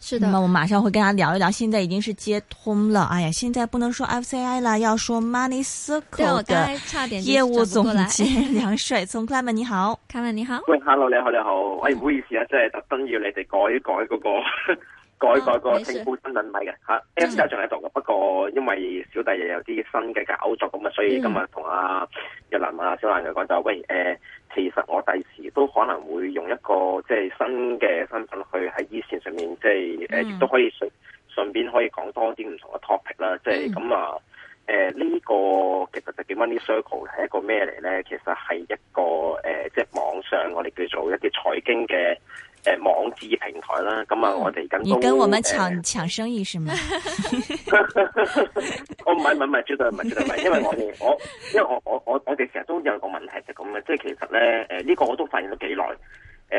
是的，那麼我馬上會跟他聊一聊。現在已經是接通了。哎呀，現在不能說 F C I 啦，要說 Money Circle 的業務總監梁帥聰 Clement，你好，Clement，你好。喂，Hello 你好，你好、嗯。哎，不好意思真意改改、那個、 改改啊，即係特登要你哋改改嗰個，改改個稱呼，真係唔係嘅。吓，F C I 仲喺度嘅，不過因為小弟又有啲新嘅搞作咁啊，所以今日同啊日蘭、嗯、啊小蘭又講就喂誒。呃其實我第時都可能會用一個即係新嘅身份去喺以前上面，即係亦都可以順順便可以講多啲唔同嘅 topic 啦。即係咁啊誒呢個其實就叫 Money Circle 係一個咩嚟咧？其實係一個誒，即、呃、係、即係、網上我哋叫做一啲財經嘅。誒，網誌平台啦，咁啊，我哋更多。你跟我們搶搶、呃、生意是嗎？我唔係唔係唔係，絕對唔係絕對唔係，因為我哋 我因為我我我我哋成日都有個問題就咁嘅，即係其實咧誒呢、呃這個我都發現咗幾耐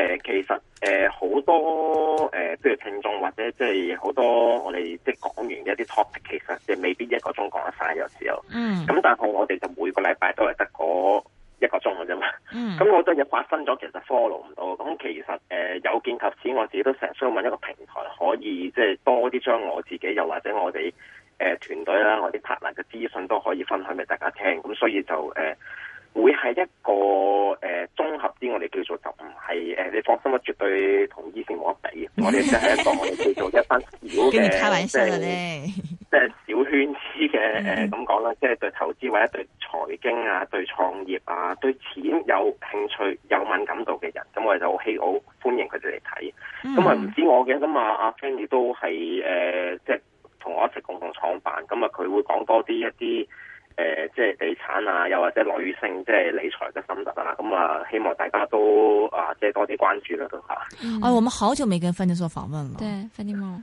誒，其實誒好、呃、多誒即係聽眾或者即係好多我哋即係講完嘅一啲 topic，其實即係未必一個鐘講得晒，有時候嗯，咁但係我哋就每個禮拜都係得嗰。個鐘嘅啫嘛，咁、 嗯、 我覺得嘢發生咗，其實 follow 唔到。咁其實誒、呃、有見及錢，我自己都成日需要搵一個平台，可以即係多啲將我自己又或者我哋誒團隊啦，我、呃、哋 partner 嘅資訊都可以分享俾大家聽。咁所以就誒、呃、會係一個誒綜、呃、合啲，我哋叫做就唔係誒，你放心啦，絕對同以冇得比，我哋就係一個我哋叫做一班小嘅。 即、就、係、是、小圈子嘅誒，咁講啦，即係、就是、對投資或者對財經啊，對創業啊，對錢有興趣、有敏感度嘅人，咁我就好希好歡迎佢哋嚟睇。咁、嗯、啊唔知我嘅，咁啊阿 Fanny 都係誒，即係同我一齊共同創辦，咁啊佢會講多啲一啲誒，即、呃、係、就是、地產啊，又或者女性即係、就是、理財嘅心得啦。咁啊，希望大家都啊，即、就、係、是、多啲關注啦，都、就、好、是嗯。啊，我們好久沒跟 Fanny 做訪問啦。對 Fanny、嗯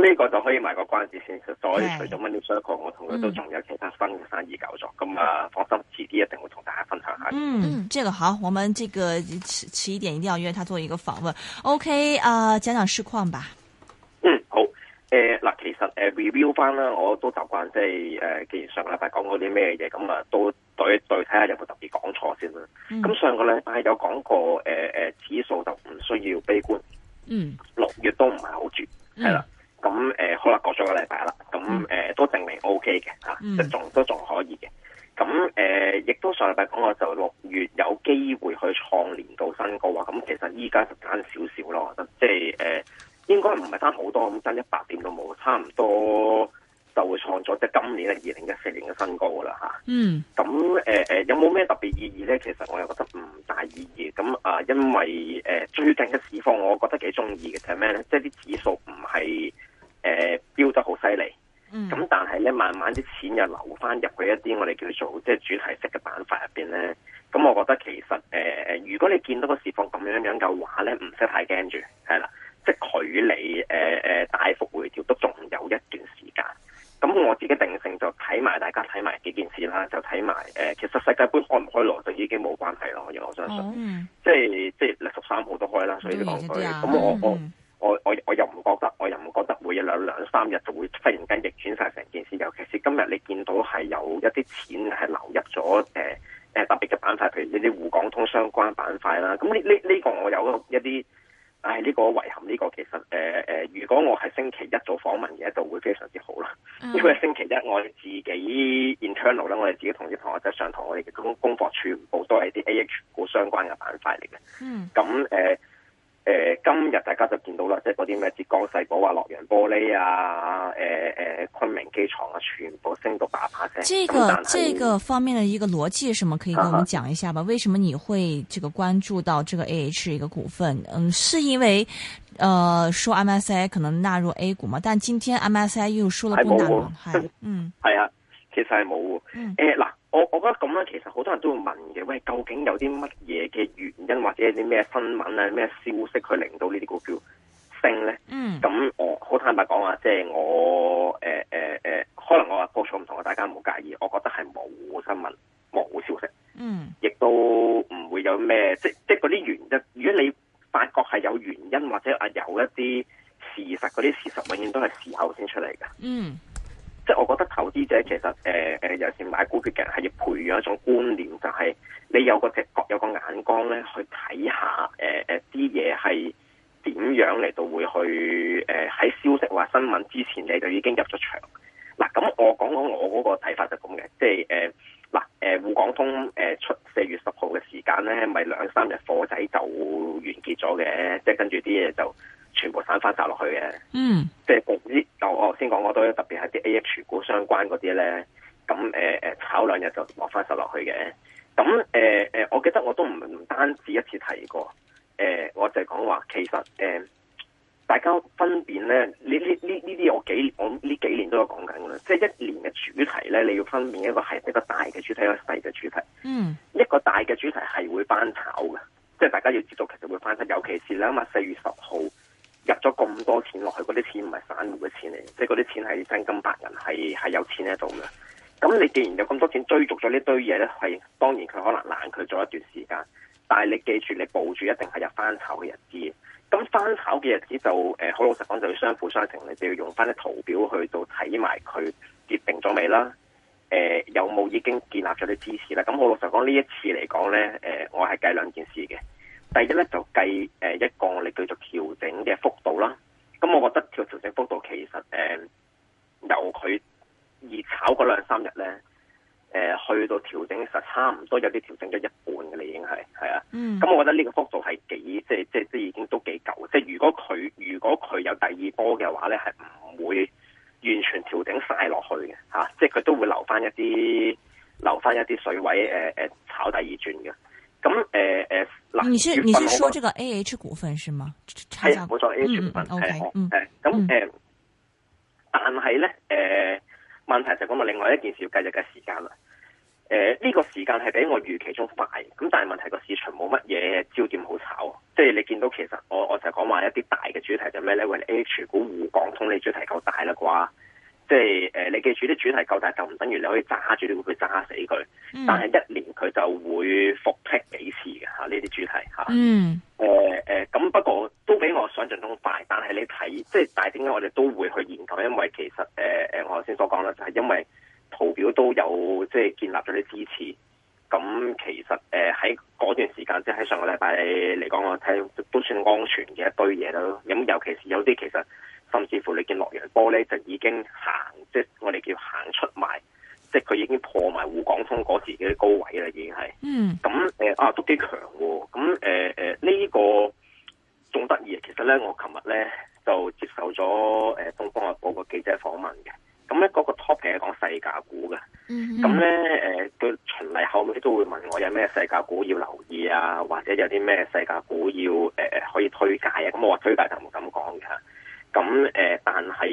呢、這個就可以埋個關子先。所以除咗 Menu Circle 我同佢都仲有其他新嘅生意搞咗。咁、嗯、啊，放心，遲啲一定會同大家分享一下。嗯，這個好，我們這個遲遲一點一定要約他做一個訪問。OK 啊、呃，講講市況吧。嗯，好。誒，嗱，其實誒 review 翻啦，我都習慣即係誒，既然上個禮拜講過啲咩嘢，咁啊，都對一對睇下有冇特別講錯先啦。咁、嗯、上個禮拜有講過，誒、呃、誒、呃，指數就唔需要悲觀。嗯。六月都唔係好絕，係、嗯、啦。嗯咁誒，可能過咗個禮拜啦，咁誒、呃、都證明 O K 嘅，吓、啊，即、嗯、仲都仲可以嘅。咁誒，亦、呃、都上禮拜講過，就六月有機會去創年度新高啊。咁其實依家就差少少咯，即係誒，應該唔係差好多，咁差一百點都冇，差唔多就會創咗即係今年係二零一四年嘅新高啦，吓、啊。嗯。咁誒誒，有冇咩特別意義咧？其實我又覺得唔大意義。咁啊、呃，因為誒、呃、最近嘅市況，我覺得幾中意嘅，就係咩咧？即係啲指數唔係。誒、呃，飆得好犀利，咁、嗯、但係咧，慢慢啲錢又流翻入去一啲我哋叫做即係、就是、主題式嘅板塊入邊咧，咁我覺得其實誒誒、呃，如果你見到個市況咁樣這樣嘅話咧，唔使太驚住，係啦，即係距離誒誒大幅回調都仲有一段時間，咁我自己定性就睇埋大家睇埋幾件事啦，就睇埋誒，其實世界杯開唔開鑼就已經冇關係咯，因為我相信，哦嗯、即係即係十三號都開啦，所以就講開，咁我、嗯、我我我，我又唔講。有兩三日就會忽然間逆轉晒成件事，尤其是今日你見到係有一啲錢係流入咗誒誒特別嘅板塊，譬如呢啲滬港通相關板塊啦。咁呢呢呢個我有一啲，唉、哎、呢、這個遺憾，呢、這個其實誒誒、呃，如果我係星期一做訪問嘅，一度會非常之好啦。因為星期一我哋自己、mm. internal 咧，我哋自己同啲同學仔上堂，我哋嘅功功課全部都係啲 A H 股相關嘅板塊嚟嘅。嗯、咁、呃、誒。誒、呃，今日大家就見到啦，即係嗰啲咩浙江世寶啊、樂陽玻璃啊、誒、呃、誒昆明機牀啊，全部升到叭叭聲。這個呢、這個方面嘅一個邏輯，係什麼，可以跟我們講一下吧？Uh -huh. 為什麼你會這個關注到這個 A H 一個股份？嗯，係因為，誒、呃，說 MSCI 可能納入 A 股嘛，但今天 MSCI 又收咗不納入，嗯，係啊，其實係冇喎。嗱、嗯。呃我我覺得咁樣，其實好多人都會問嘅，喂，究竟有啲乜嘢嘅原因，或者啲咩新聞啊、咩消息去令到呢啲股票升咧？嗯，咁我好坦白講啊，即係我誒誒誒，可能我話角度唔同啊，大家唔好介意。我覺得係冇新聞、冇消息，嗯，亦都唔會有咩，即即嗰啲原因。如果你發覺係有原因，或者啊有一啲事實，嗰啲事實永遠都係事後先出嚟嘅，嗯。投資者其實誒誒，尤、呃、其買股票嘅人，係要培養一種觀念，就係、是、你有個。誒，大家分辨咧，你呢呢呢啲我幾我呢幾年都有講緊嘅啦，即係一年嘅主題咧，你要分辨一個係一個大嘅主題，一個細嘅主題。嗯，一個大嘅主題係會翻炒嘅，即係大家要知道，其實會翻炒，尤其是你諗下四月十號入咗咁多錢落去，嗰啲錢唔係散戶嘅錢嚟，即係嗰啲錢係真金白銀，係係有錢喺度嘅。咁你既然有咁多錢追逐咗呢堆嘢咧，係當然佢可能爛佢咗一段時間，但係你記住，你保住一定係有翻炒嘅日子。咁翻炒嘅日子就，誒，好老實講就要相輔相成，你就要用翻啲圖表去到睇埋佢決定咗未啦，誒、呃，有冇已經建立咗啲支持啦，咁我老實講呢一次嚟講咧，誒、呃，我係計兩件事嘅，第一咧就計，誒、呃，一個你叫做調整嘅幅度啦，咁我覺得調調整幅度其實，誒、呃，由佢熱炒嗰兩三日咧。誒，去到調整實差唔多，有啲調整咗一半嘅啦，已經係係啊。咁、嗯、我覺得呢個幅度係幾，即係即係即係已經都幾夠。即係如果佢如果佢有第二波嘅話咧，係唔會完全調整曬落去嘅、啊、即係佢都會留返一啲，留返一啲水位，誒、呃、炒第二轉嘅。咁誒誒，嗱、呃呃，你是你是說這個 A H 股份是嗎？係，冇錯，A H 股份係誒，咁、okay, 嗯哎嗯嗯嗯、但係咧誒。呃問題就講埋另外一件事要的時間，要計日嘅時間啦。誒，呢個時間係比我預期中快，咁但係問題個市場冇乜嘢焦點好炒，即係你見到其實我我就講話一啲大嘅主題就咩咧，H 股滬港通你主題夠大啦啩。即係誒，你記住啲主題夠大，就唔等於你可以揸住，你會去揸死佢，嗯。但係一年佢就會復辟幾次嘅嚇，呢啲主題嚇，啊。嗯，誒、呃、誒，咁、呃、不過都比我想象中快。但係你睇，即、就、係、是、但係點解我哋都會去研究？因為其實誒誒，呃，我頭先所講咧就係、是、因為圖表都有即係、就是、建立咗啲支持。咁其實誒喺嗰段時間，即係喺上個禮拜嚟講，我睇都算安全嘅一堆嘢咯。咁尤其是有啲其實。甚至乎你見洛陽玻璃就已經行，即係我哋叫行出埋，即係佢已經破埋滬港通嗰次嘅高位啦，已經係。嗯。咁誒啊，都幾強喎。咁誒誒，呢個仲得意。其實咧，我琴日咧就接受咗誒東方日報個記者訪問嘅。咁咧個 topic 係講世界股嘅。嗯。咁咧誒，佢循例後尾都會問我有咩世界股要留意啊，或者有啲咩世界股要誒誒可以推介啊。咁我話推介就唔敢講嘅。咁、嗯、誒、呃，但係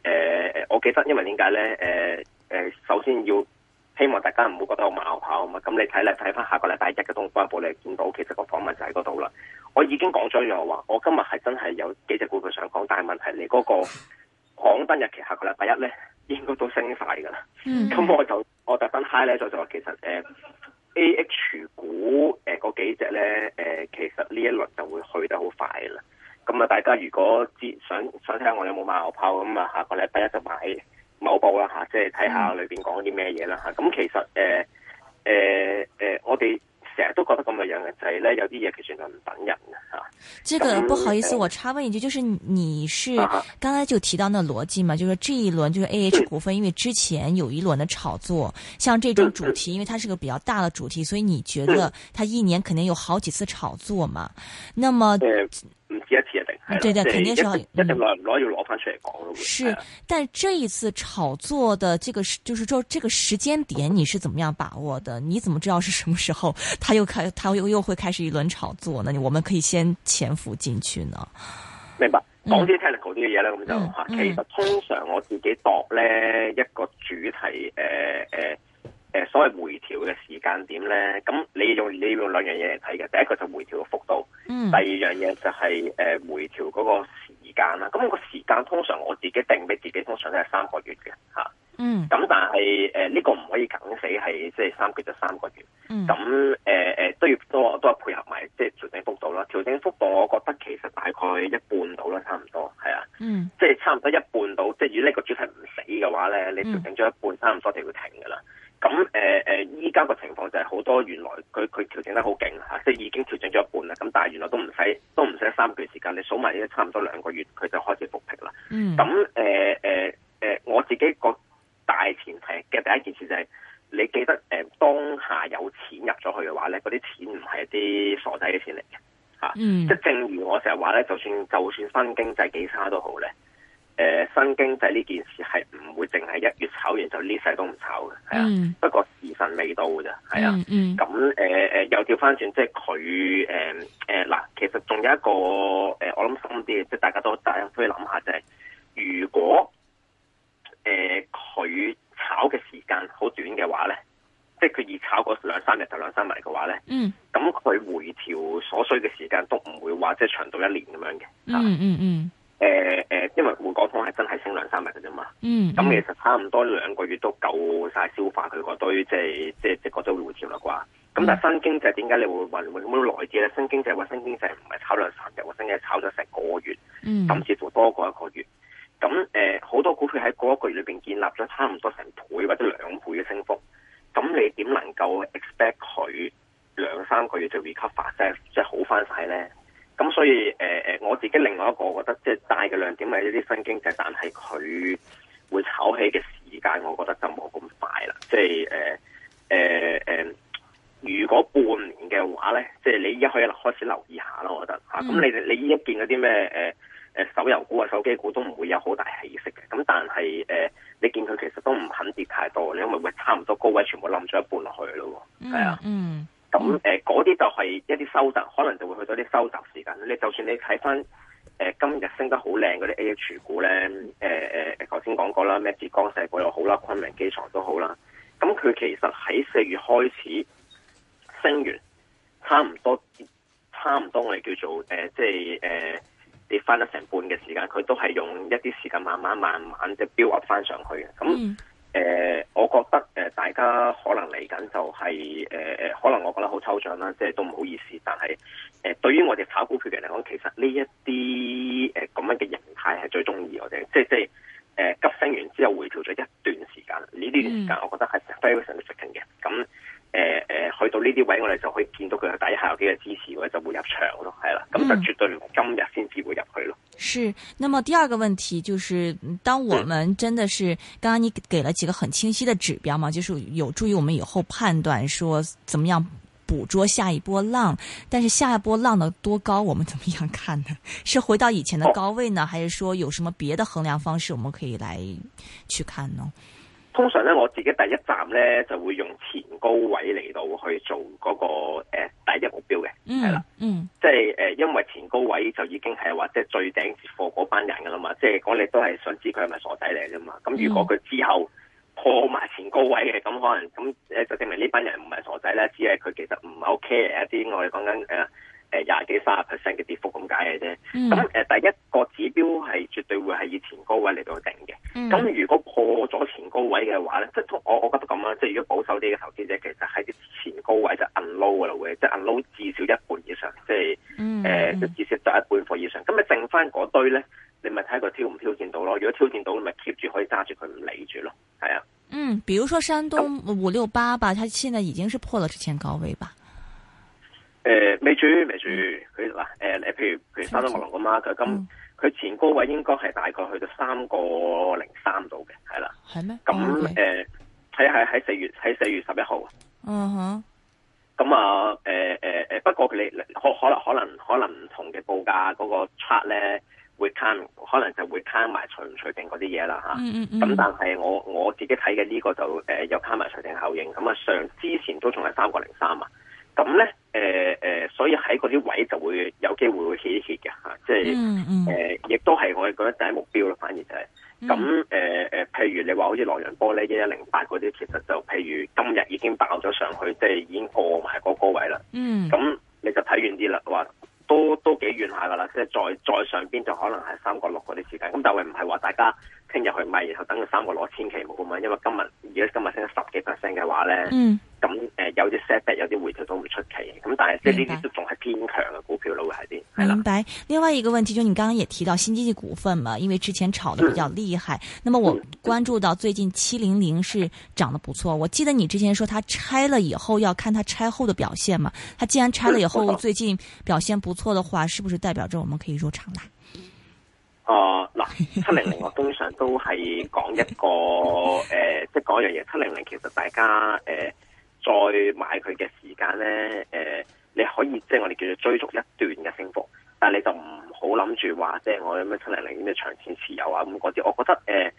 誒、呃，我記得因為點解咧？誒、呃、誒、呃，首先要希望大家唔好覺得我矛口啊嘛。咁你睇嚟睇翻下個禮拜一嘅東方日報，你見到其實那個訪問就喺嗰度啦。我已經講咗嘢話，我今日係真係有幾隻股票想講，但係問題你嗰、那個刊登日期下個禮拜一咧，應該都升晒噶啦。咁、嗯嗯、我就我特登 high 咧，就就話其實誒，A、呃、H 股誒嗰、呃、幾隻咧誒，其實呢一輪就會去得好快噶啦。咁啊！大家如果想想睇下我有冇買牛炮咁啊，下個禮拜一就買某報啦吓，即係睇下裏邊講啲咩嘢啦吓，咁其實誒誒誒，我哋。成日都覺得咁樣嘅就係咧有啲嘢其實係唔等人嘅吓、嗯。這個不好意思，我插問一句，就是你是剛才就提到那邏輯嘛？就說、是、這一輪就是 AH 股份、嗯，因為之前有一輪的炒作，像這種主題、嗯，因為它是個比較大的主題，所以你覺得它一年肯定有好幾次炒作嘛？那麼、嗯對對，肯定是要、嗯。一定攞攞要攞翻出嚟講咯。是，但這一次炒作的這個，就是說這個時間點，你是怎麼樣把握的、嗯？你怎麼知道是什麼時候，他又開，他又又會開始一輪炒作呢？我們可以先潛伏進去呢。明白，我先聽你講啲 technical 啲嘅嘢咧，咁、嗯、就吓、嗯。其實、嗯、通常我自己度咧一個主題，誒、呃、誒。呃誒，所謂回調嘅時間點咧，咁你用你用兩樣嘢嚟睇嘅，第一個就回調嘅幅度，嗯，第二樣嘢就係誒回調嗰個時間啦。咁個時間通常我自己定俾自己，通常都係三個月嘅吓。嗯，咁但係誒呢個唔可以梗死，係即係三個月就三個月。咁誒誒都要都都係配合埋即係調整幅度啦。調整幅度，我覺得其實大概一半到啦，差唔多係啊。嗯，即係差唔多一半到。即係如果呢個主題唔死嘅話咧，你調整咗一半，差唔多就要停噶啦。咁誒誒，依家個情況就係好多原來佢佢調整得好勁嚇，即係已經調整咗一半啦。咁但係原來都唔使都唔使三個月時間，你數埋呢差唔多兩個月，佢就開始復平啦。咁誒誒誒，我自己個大前提嘅第一件事就係、是、你記得誒、呃，當下有錢入咗去嘅話咧，嗰啲錢唔係一啲傻仔嘅錢嚟嘅嚇。即、啊、係、嗯、正如我成日話咧，就算就算新經濟幾差都好咧，誒、呃、新經濟呢件事係唔會，呢世都唔炒嘅，係啊，嗯、不過時辰未到咋，係啊，咁誒誒又調翻轉，即係佢誒誒嗱，其實仲有一個誒，我諗深啲，即係大家都大家都可以諗下，就係如果誒佢、呃、炒嘅時間好短嘅話咧，即係佢已炒過兩三日就兩三日嘅話咧，嗯，咁佢回調所需嘅時間都唔會話即係長到一年咁樣嘅，嗯嗯嗯。誒、呃、誒，因為滬港通係真係升兩三日嘅啫嘛，咁、嗯、其實差唔多兩個月都夠晒消化佢嗰堆，即係即係嗰堆回調啦啩。咁、嗯、但係新經濟點解你會問會咁樣來之咧？新經濟話新經濟唔係炒兩三日，新經濟炒咗成個月，甚至乎多過一個月。咁、嗯、誒，好、呃、多股票喺嗰一個月裏邊建立咗差唔多成倍或者兩倍嘅升幅，咁你點能夠 expect 佢兩三個月就會 recover 即係好翻晒咧？就是咁所以，誒、呃、誒，我自己另外一個我覺得，即係大嘅亮點係一啲新經濟，但係佢會炒起嘅時間，我覺得就冇咁快啦。即係誒誒誒，如果半年嘅話咧，即係你依家可以開始留意一下啦。我覺得吓，咁、嗯、你你依家見嗰啲咩誒誒手遊股啊、手機股都唔會有好大起色嘅。咁但係誒、呃，你見佢其實都唔肯跌太多，你因為會差唔多高位全部冧咗一半落去咯，喎，係啊，嗯。嗯咁誒，嗰啲就係一啲收集，可能就會去到啲收集時間，你就算你睇翻誒今日升得、AH 呃呃、好靚嗰啲 A H 股咧，誒誒，頭先講過啦，咩浙江製藥又好啦，昆明機牀都好啦。咁佢其實喺四月開始升完，差唔多，差唔多我哋叫做誒，即係誒跌翻一成半嘅時間，佢都係用一啲時間慢慢慢慢即係 build up 翻上去嘅。咁。誒、呃，我覺得誒，大家可能嚟緊就係誒誒，可能我覺得好抽象啦，即係都唔好意思。但係誒、呃，對於我哋炒股票嘅人嚟講，其實呢一啲誒咁樣嘅形態係最鍾意我哋，即係即係誒急升完之後回調咗一段時間，呢、嗯、段時間我覺得係非常非常吸引嘅。咁。誒、呃、誒，去到呢啲位，我哋就可以見到佢嘅底下有幾個支持，我哋就會入場咯，係啦，咁就絕對今日先至會入去咯、嗯。是，那麼第二個問題就是，當我們真的是，剛、嗯、剛你給了幾個很清晰的指標嘛，就是有助於我們以後判斷說，怎麼樣捕捉下一波浪，但是下一波浪的多高，我們怎麼樣看呢？是回到以前的高位呢，哦、還是說有什麼別的衡量方式，我們可以來去看呢？通常咧，我自己第一站咧就會用前高位嚟到去做嗰、那個、呃、第一目標嘅，係、嗯、啦，嗯，即係、呃、因為前高位就已經係話即係最頂接貨嗰班人㗎喇嘛，即係講你都係想知佢係咪傻仔嚟啫嘛。咁如果佢之後破埋前高位嘅，咁、嗯、可能咁就證明呢班人唔係傻仔喇，只係佢其實唔係好 care 一啲我哋講緊誒、嗯，廿、嗯、幾、卅 percent 嘅跌幅咁解嘅啫。咁誒，第一個指標係絕對會係以前高位嚟到定嘅。咁如果破咗前高位嘅話咧，即係我我覺得咁樣，即係如果保守啲嘅投資者，其實喺啲前高位就 unload 嘅，即、就、係、是、unload 至少一半以上，即係誒，即、呃、至少得一半貨以上。咁、嗯、咪、嗯、剩翻嗰堆咧，你咪睇佢挑唔挑戰到咯。如果挑戰到，你咪 keep 住可以揸住佢，唔理住咯。係啊。嗯，比如說山東五六八吧，佢現在已經是破咗之前高位吧。誒、呃，未主未主，佢嗱誒誒，譬如、呃、譬如山東墨龍咁啊，佢咁佢前高位應該係大概去到三個零三度嘅，係啦，係咩？咁誒，係係喺四月喺四月十一號，嗯哼，咁啊，誒誒誒，不過你可可能可能可能唔同嘅報價嗰、那個 chart 咧會 count，可能就會 count 埋除唔除淨嗰啲嘢啦吓，咁、嗯嗯嗯、但係我我自己睇嘅呢個就誒有 count 埋除淨效應，咁啊上之前都仲係三個零三啊。咁咧，誒、呃、誒，所以喺嗰啲位就會有機會會起一啲嘅吓，即係誒，亦、嗯嗯呃、都係我哋覺得第一目標咯，反而就係、是、咁，誒、嗯、誒、呃，譬如你話好似洛陽玻璃一一零八嗰啲，其實就譬如今日已經爆咗上去，即、就、係、是、已經過埋嗰個位啦。嗯，咁你就睇遠啲啦，話都都幾遠下噶啦，即係再再上邊就可能係三角六嗰啲時間。咁但係唔係話大家，聽日去買，然後等佢三個攞千祈冇咁樣，因為今日如果今日升咗十幾 percent 嘅話咧，咁、嗯、誒、呃、有啲 set back，有啲回調都唔出奇。咁但係即係呢啲都仲係偏強嘅股票咯，會係啲。明白。另外一個問題就你剛剛也提到新經濟股份嘛，因為之前炒得比較厲害、嗯。那麼我關注到最近七零零是漲得不錯、嗯。我記得你之前說它拆了以後要看它拆後的表現嘛。它既然拆了以後最近表現不錯的話，是不是代表着我們可以入場啦？哦、uh, 呃，嗱，七零零我通常都係講一個誒，即係講一樣嘢。七零零其實大家誒、呃，再買佢嘅時間咧，誒、呃，你可以即係我哋叫做追逐一段嘅升幅，但係你就唔好諗住話，即係我咁樣七零零咩長線持有啊，咁嗰啲。我覺得誒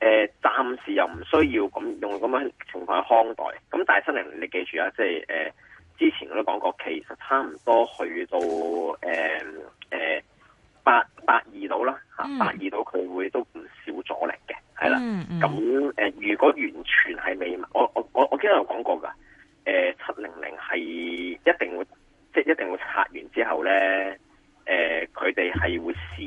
誒，暫、呃呃、時又唔需要咁用咁樣情況去看待。咁但係七零零，你記住啊，即係誒、呃，之前我都講過，其實差唔多去到誒誒。呃呃八八二度啦，吓八二度佢會都唔少阻力嘅，係啦。咁、嗯、誒、嗯嗯，如果完全係未，我我我我今有講過噶，誒七零零係一定會，即係一定會拆完之後咧，誒佢哋係會試。